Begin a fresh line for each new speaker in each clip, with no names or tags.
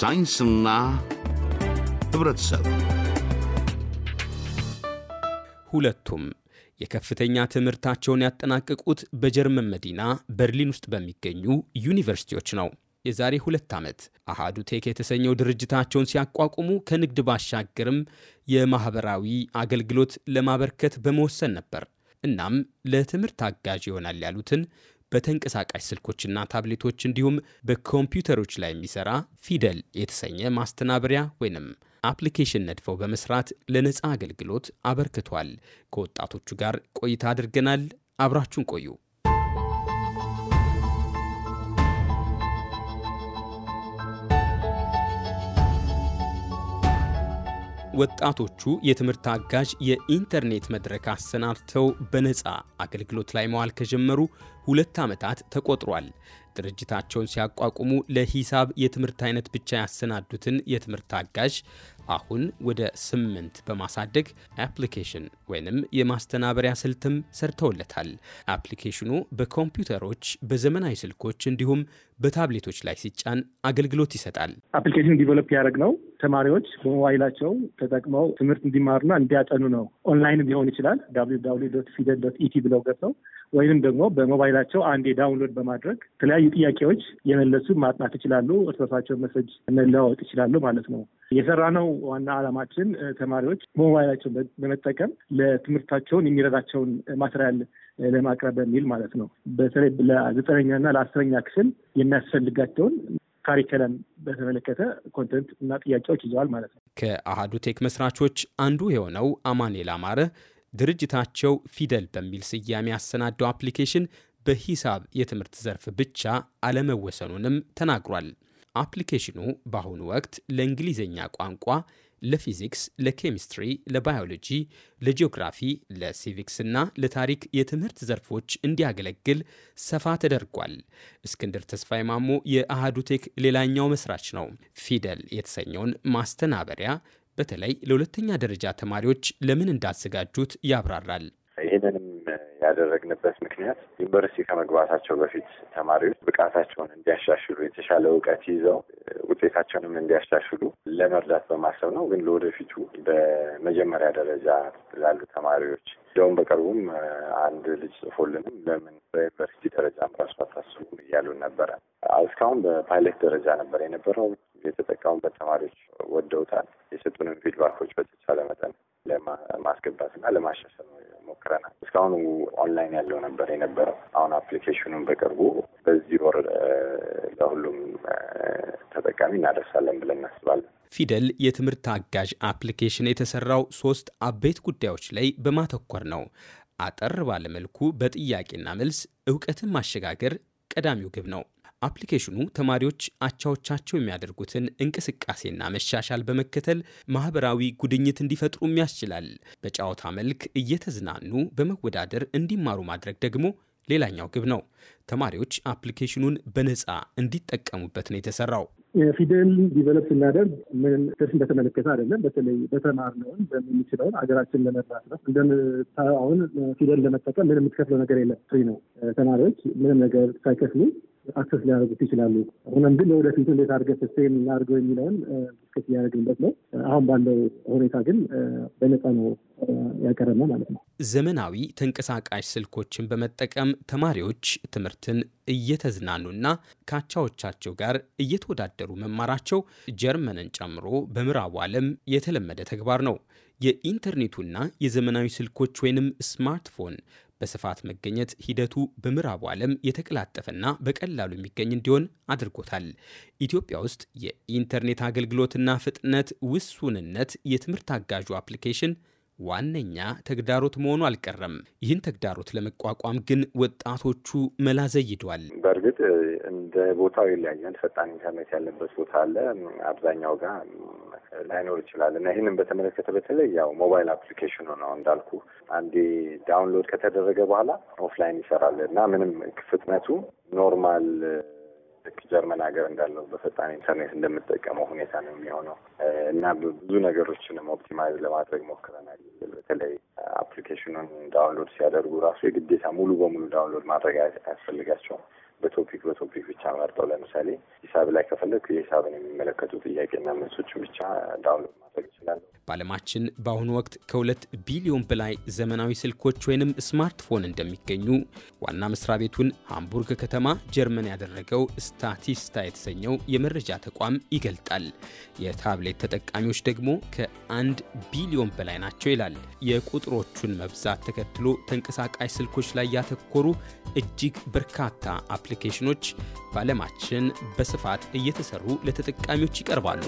ሳይንስና ህብረተሰብ ሁለቱም የከፍተኛ ትምህርታቸውን ያጠናቀቁት በጀርመን መዲና በርሊን ውስጥ በሚገኙ ዩኒቨርሲቲዎች ነው። የዛሬ ሁለት ዓመት አሃዱ ቴክ የተሰኘው ድርጅታቸውን ሲያቋቁሙ ከንግድ ባሻገርም የማኅበራዊ አገልግሎት ለማበርከት በመወሰን ነበር። እናም ለትምህርት አጋዥ ይሆናል ያሉትን በተንቀሳቃሽ ስልኮችና ታብሌቶች እንዲሁም በኮምፒውተሮች ላይ የሚሰራ ፊደል የተሰኘ ማስተናበሪያ ወይንም አፕሊኬሽን ነድፈው በመስራት ለነፃ አገልግሎት አበርክቷል። ከወጣቶቹ ጋር ቆይታ አድርገናል። አብራችሁን ቆዩ። ወጣቶቹ የትምህርት አጋዥ የኢንተርኔት መድረክ አሰናድተው በነፃ አገልግሎት ላይ መዋል ከጀመሩ ሁለት ዓመታት ተቆጥሯል። ድርጅታቸውን ሲያቋቁሙ ለሂሳብ የትምህርት አይነት ብቻ ያሰናዱትን የትምህርት አጋዥ አሁን ወደ ስምንት በማሳደግ አፕሊኬሽን ወይንም የማስተናበሪያ ስልትም ሰርተውለታል። አፕሊኬሽኑ በኮምፒውተሮች፣ በዘመናዊ ስልኮች እንዲሁም በታብሌቶች ላይ ሲጫን አገልግሎት ይሰጣል።
አፕሊኬሽን ዲቨሎፕ ያደረግ ነው። ተማሪዎች በሞባይላቸው ተጠቅመው ትምህርት እንዲማሩና እንዲያጠኑ ነው። ኦንላይን ሊሆን ይችላል። ፊደል ዶት ኢቲ ብለው ገብተው ወይንም ደግሞ በሞባይላቸው አንዴ ዳውንሎድ በማድረግ የተለያዩ ጥያቄዎች የመለሱ ማጥናት ይችላሉ። እርስ በርሳቸው መሰጅ መለዋወጥ ይችላሉ ማለት ነው። የሰራነው ዋና ዓላማችን ተማሪዎች ሞባይላቸውን በመጠቀም ለትምህርታቸውን የሚረዳቸውን ማቴሪያል ለማቅረብ በሚል ማለት ነው። በተለይ ለዘጠነኛና ለአስረኛ ክፍል የሚያስፈልጋቸውን ካሪከለም በተመለከተ ኮንተንት እና ጥያቄዎች ይዘዋል ማለት ነው።
ከአሃዱ ቴክ መስራቾች አንዱ የሆነው አማኔል አማረ ድርጅታቸው ፊደል በሚል ስያሜ ያሰናደው አፕሊኬሽን በሂሳብ የትምህርት ዘርፍ ብቻ አለመወሰኑንም ተናግሯል። አፕሊኬሽኑ በአሁኑ ወቅት ለእንግሊዝኛ ቋንቋ፣ ለፊዚክስ፣ ለኬሚስትሪ፣ ለባዮሎጂ፣ ለጂኦግራፊ፣ እና ለታሪክ የትምህርት ዘርፎች እንዲያገለግል ሰፋ ተደርጓል። እስክንድር ተስፋይ ማሞ ቴክ ሌላኛው መስራች ነው። ፊደል የተሰኘውን ማስተናበሪያ በተለይ ለሁለተኛ ደረጃ ተማሪዎች ለምን እንዳዘጋጁት ያብራራል።
ይህንንም ያደረግንበት ምክንያት ዩኒቨርሲቲ ከመግባታቸው በፊት ተማሪዎች ብቃታቸውን እንዲያሻሽሉ የተሻለ እውቀት ይዘው ውጤታቸውንም እንዲያሻሽሉ ለመርዳት በማሰብ ነው። ግን ለወደፊቱ በመጀመሪያ ደረጃ ላሉ ተማሪዎች እንዲያውም በቅርቡም አንድ ልጅ ጽፎልንም ለምን በዩኒቨርሲቲ ደረጃም ራሱ አታስቡም እያሉን ነበረ። እስካሁን በፓይለት ደረጃ ነበር የነበረው። የተጠቀሙበት ተማሪዎች ወደውታል። የሰጡንም ፊድባኮች በተቻለ መጠን ለማስገባትና ለማሻሻል አሁን ኦንላይን ያለው ነበር የነበረው። አሁን አፕሊኬሽኑን በቅርቡ በዚህ ወር ለሁሉም ተጠቃሚ እናደርሳለን ብለን
እናስባለን። ፊደል የትምህርት አጋዥ አፕሊኬሽን የተሰራው ሶስት አበይት ጉዳዮች ላይ በማተኮር ነው። አጠር ባለመልኩ በጥያቄና መልስ እውቀትን ማሸጋገር ቀዳሚው ግብ ነው። አፕሊኬሽኑ ተማሪዎች አቻዎቻቸው የሚያደርጉትን እንቅስቃሴና መሻሻል በመከተል ማህበራዊ ጉድኝት እንዲፈጥሩም ያስችላል። በጨዋታ መልክ እየተዝናኑ በመወዳደር እንዲማሩ ማድረግ ደግሞ ሌላኛው ግብ ነው። ተማሪዎች አፕሊኬሽኑን በነፃ እንዲጠቀሙበት ነው የተሰራው።
ፊደል ዲቨሎፕ ስናደርግ ምን ርሽን በተመለከተ አይደለም። በተለይ በተማርነውን በምንችለውን ሀገራችን ለመራት ነው። እንደምታየው አሁን ፊደል ለመጠቀም ምን የምትከፍለው ነገር የለም፣ ፍሪ ነው። ተማሪዎች ምንም ነገር ሳይከፍሉ አክሰስ ሊያደርጉት ይችላሉ። አሁንም ግን ለወደፊቱ እንዴት አድርገን ስስቴን እናድርገው የሚለውን ስከት እያደረግንበት ነው። አሁን ባለው ሁኔታ ግን በነፃ ነው ያቀረመ ማለት ነው።
ዘመናዊ ተንቀሳቃሽ ስልኮችን በመጠቀም ተማሪዎች ትምህርትን እየተዝናኑና ካቻዎቻቸው ጋር እየተወዳደሩ መማራቸው ጀርመንን ጨምሮ በምዕራቡ ዓለም የተለመደ ተግባር ነው። የኢንተርኔቱና የዘመናዊ ስልኮች ወይንም ስማርትፎን በስፋት መገኘት ሂደቱ በምዕራቡ ዓለም የተቀላጠፈና በቀላሉ የሚገኝ እንዲሆን አድርጎታል። ኢትዮጵያ ውስጥ የኢንተርኔት አገልግሎትና ፍጥነት ውሱንነት የትምህርት አጋዡ አፕሊኬሽን ዋነኛ ተግዳሮት መሆኑ አልቀረም። ይህን ተግዳሮት ለመቋቋም ግን ወጣቶቹ መላ ዘይደዋል።
በእርግጥ እንደ ቦታው ይለያያል። ፈጣን ኢንተርኔት ያለበት ቦታ አለ፣ አብዛኛው ጋር ላይኖር ይችላል እና ይህንን በተመለከተ በተለይ ያው ሞባይል አፕሊኬሽኑ ነው እንዳልኩ አንዴ ዳውንሎድ ከተደረገ በኋላ ኦፍላይን ይሰራል እና ምንም ፍጥነቱ ኖርማል ልክ ጀርመን ሀገር እንዳለው በፈጣን ኢንተርኔት እንደምጠቀመው ሁኔታ ነው የሚሆነው እና ብዙ ነገሮችንም ኦፕቲማይዝ ለማድረግ ሞክረናል። በተለይ አፕሊኬሽኑን ዳውንሎድ ሲያደርጉ ራሱ የግዴታ ሙሉ በሙሉ ዳውንሎድ ማድረግ አያስፈልጋቸውም። በቶፒክ በቶፒክ ብቻ መርጠው ለምሳሌ ሂሳብ ላይ ከፈለግ የሂሳብን የሚመለከቱ ጥያቄና መልሶችን ብቻ
ዳውንሎድ ማድረግ ይችላል። በዓለማችን በአሁኑ ወቅት ከሁለት ቢሊዮን በላይ ዘመናዊ ስልኮች ወይንም ስማርትፎን እንደሚገኙ ዋና መስሪያ ቤቱን ሃምቡርግ ከተማ ጀርመን ያደረገው ስታቲስታ የተሰኘው የመረጃ ተቋም ይገልጣል። የታብሌት ተጠቃሚዎች ደግሞ ከአንድ ቢሊዮን በላይ ናቸው ይላል። የቁጥሮቹን መብዛት ተከትሎ ተንቀሳቃሽ ስልኮች ላይ ያተኮሩ እጅግ በርካታ አፕሊኬሽኖች በዓለማችን በስፋት እየተሰሩ ለተጠቃሚዎች ይቀርባሉ።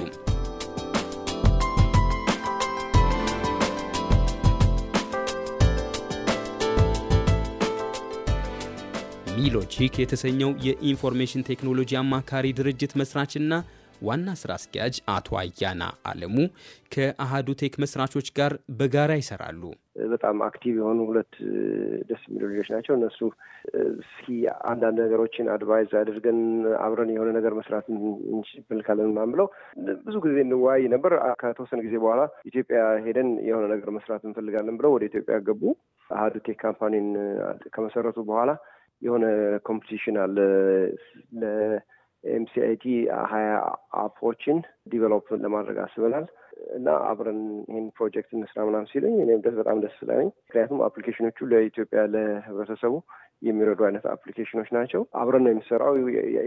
ሚሎጂክ የተሰኘው የኢንፎርሜሽን ቴክኖሎጂ አማካሪ ድርጅት መስራችና ዋና ስራ አስኪያጅ አቶ አያና አለሙ ከአሃዱ ቴክ መስራቾች ጋር በጋራ ይሰራሉ።
በጣም አክቲቭ የሆኑ ሁለት ደስ የሚሉ ልጆች ናቸው። እነሱ እስኪ አንዳንድ ነገሮችን አድቫይዝ አድርገን አብረን የሆነ ነገር መስራት እንችልካለን ምናምን ብለው ብዙ ጊዜ እንወያይ ነበር። ከተወሰነ ጊዜ በኋላ ኢትዮጵያ ሄደን የሆነ ነገር መስራት እንፈልጋለን ብለው ወደ ኢትዮጵያ ገቡ። አሃዱ ቴክ ካምፓኒን ከመሰረቱ በኋላ የሆነ ኮምፒቲሽን አለ ኤምሲአይቲ ሀያ አፖችን ዲቨሎፕ ለማድረግ አስበናል እና አብረን ይህን ፕሮጀክት እንስራ ምናምን ሲሉኝ እኔም ደስ በጣም ደስ ስላለኝ ምክንያቱም አፕሊኬሽኖቹ ለኢትዮጵያ ለህብረተሰቡ የሚረዱ አይነት አፕሊኬሽኖች ናቸው። አብረን ነው የሚሰራው።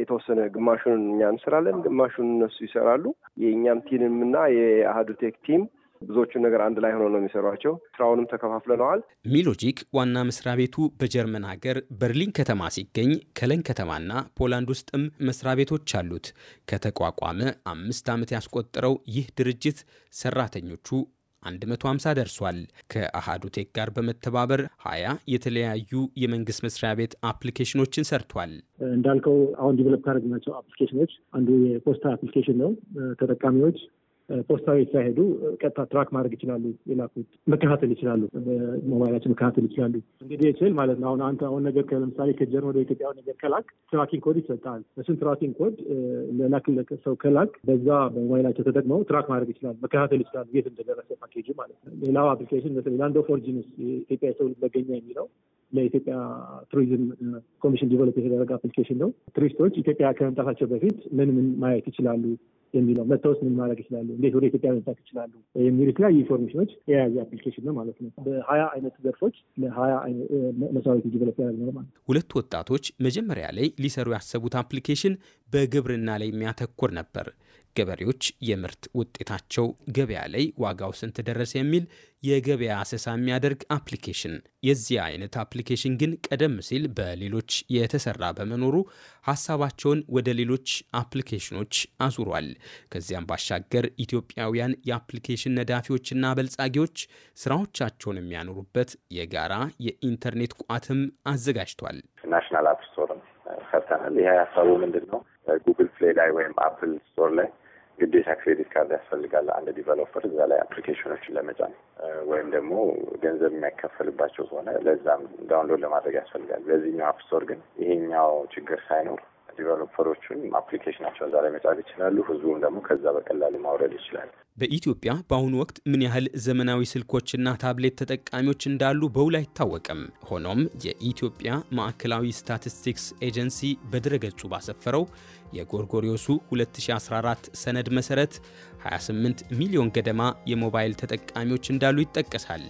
የተወሰነ ግማሹን እኛ እንስራለን፣ ግማሹን እነሱ ይሰራሉ። የእኛም ቲምም እና ቴክ ቲም ብዙዎቹን ነገር አንድ ላይ ሆኖ ነው የሚሰሯቸው። ስራውንም ተከፋፍለነዋል።
ሚሎጂክ ዋና መስሪያ ቤቱ በጀርመን ሀገር በርሊን ከተማ ሲገኝ ከለን ከተማና ፖላንድ ውስጥም መስሪያ ቤቶች አሉት። ከተቋቋመ አምስት ዓመት ያስቆጠረው ይህ ድርጅት ሰራተኞቹ 150 ደርሷል። ከአሃዱ ቴክ ጋር በመተባበር 20 የተለያዩ የመንግስት መስሪያ ቤት አፕሊኬሽኖችን ሰርቷል።
እንዳልከው አሁን ዲቨሎፕ ካደረግናቸው አፕሊኬሽኖች አንዱ የፖስታ አፕሊኬሽን ነው። ተጠቃሚዎች ፖስታ ቤት ሳይሄዱ ቀጥታ ትራክ ማድረግ ይችላሉ። የላኩት መከታተል ይችላሉ። ሞባይላቸው መከታተል ይችላሉ። እንግዲህ ችል ማለት ነው። አሁን አንተ አሁን ነገር ለምሳሌ ከጀርመን ወደ ኢትዮጵያ ነገር ከላክ ትራኪንግ ኮድ ይሰጣል። እሱን ትራኪንግ ኮድ ለላክለቀ ሰው ከላክ በዛ በሞባይላቸው ተጠቅመው ትራክ ማድረግ ይችላሉ፣ መከታተል ይችላሉ የት እንደደረሰ ፓኬጁ ማለት ነው። ሌላው አፕሊኬሽን ላንድ ኦፍ ኦሪጂንስ ኢትዮጵያ ሰው ልጅ የሚለው ለኢትዮጵያ ቱሪዝም ኮሚሽን ዲቨሎፕ የተደረገ አፕሊኬሽን ነው። ቱሪስቶች ኢትዮጵያ ከመምጣታቸው በፊት ምን ምን ማየት ይችላሉ የሚለው መታወስ ምን ማድረግ ይችላሉ፣ እንዴት ወደ ኢትዮጵያ መምጣት ይችላሉ የሚሉ የተለያዩ ኢንፎርሜሽኖች የያዘ አፕሊኬሽን ነው ማለት ነው። በሀያ አይነት ዘርፎች ለሀያ መስራቤት ዲቨሎፕ ያደረግ ነው ማለት ነው።
ሁለቱ ወጣቶች መጀመሪያ ላይ ሊሰሩ ያሰቡት አፕሊኬሽን በግብርና ላይ የሚያተኩር ነበር። ገበሬዎች የምርት ውጤታቸው ገበያ ላይ ዋጋው ስንት ደረሰ የሚል የገበያ አሰሳ የሚያደርግ አፕሊኬሽን። የዚህ አይነት አፕሊኬሽን ግን ቀደም ሲል በሌሎች የተሰራ በመኖሩ ሀሳባቸውን ወደ ሌሎች አፕሊኬሽኖች አዙሯል። ከዚያም ባሻገር ኢትዮጵያውያን የአፕሊኬሽን ነዳፊዎችና በልጻጊዎች ስራዎቻቸውን የሚያኖሩበት የጋራ የኢንተርኔት ቋትም አዘጋጅቷል።
ናሽናል አፕ ስቶርም ይቻላል። ይሄ ሀሳቡ ምንድን ነው? ጉግል ፕሌይ ላይ ወይም አፕል ስቶር ላይ ግዴታ ክሬዲት ካርድ ያስፈልጋል። አንድ ዲቨሎፐር እዛ ላይ አፕሊኬሽኖችን ለመጫን ወይም ደግሞ ገንዘብ የሚያከፈልባቸው ከሆነ ለዛም ዳውንሎድ ለማድረግ ያስፈልጋል። ለዚህኛው አፕ ስቶር ግን ይሄኛው ችግር ሳይኖር ዲቨሎፐሮቹን አፕሊኬሽናቸውን እዛ ላይ ይችላሉ። ህዝቡም ደግሞ ከዛ በቀላሉ ማውረድ ይችላል።
በኢትዮጵያ በአሁኑ ወቅት ምን ያህል ዘመናዊ ስልኮችና ታብሌት ተጠቃሚዎች እንዳሉ በውል አይታወቅም። ሆኖም የኢትዮጵያ ማዕከላዊ ስታቲስቲክስ ኤጀንሲ በድረገጹ ባሰፈረው የጎርጎሪዮሱ 2014 ሰነድ መሠረት 28 ሚሊዮን ገደማ የሞባይል ተጠቃሚዎች እንዳሉ ይጠቀሳል።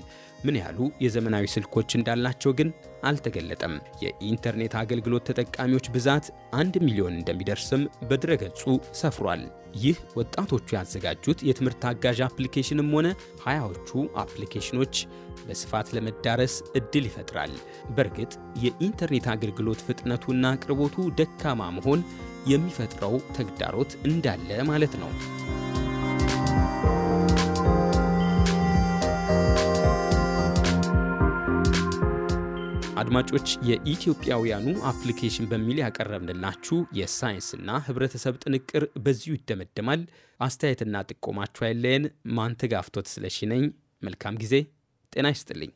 ምን ያህሉ የዘመናዊ ስልኮች እንዳላቸው ግን አልተገለጠም። የኢንተርኔት አገልግሎት ተጠቃሚዎች ብዛት አንድ ሚሊዮን እንደሚደርስም በድረገጹ ሰፍሯል። ይህ ወጣቶቹ ያዘጋጁት የትምህርት አጋዥ አፕሊኬሽንም ሆነ ሀያዎቹ አፕሊኬሽኖች በስፋት ለመዳረስ እድል ይፈጥራል። በእርግጥ የኢንተርኔት አገልግሎት ፍጥነቱና አቅርቦቱ ደካማ መሆን የሚፈጥረው ተግዳሮት እንዳለ ማለት ነው። አድማጮች የኢትዮጵያውያኑ አፕሊኬሽን በሚል ያቀረብንላችሁ የሳይንስና ህብረተሰብ ጥንቅር በዚሁ ይደመደማል። አስተያየትና ጥቆማችሁ አይለየን። ማንተጋፍቶት ስለሺ ነኝ። መልካም ጊዜ። ጤና ይስጥልኝ።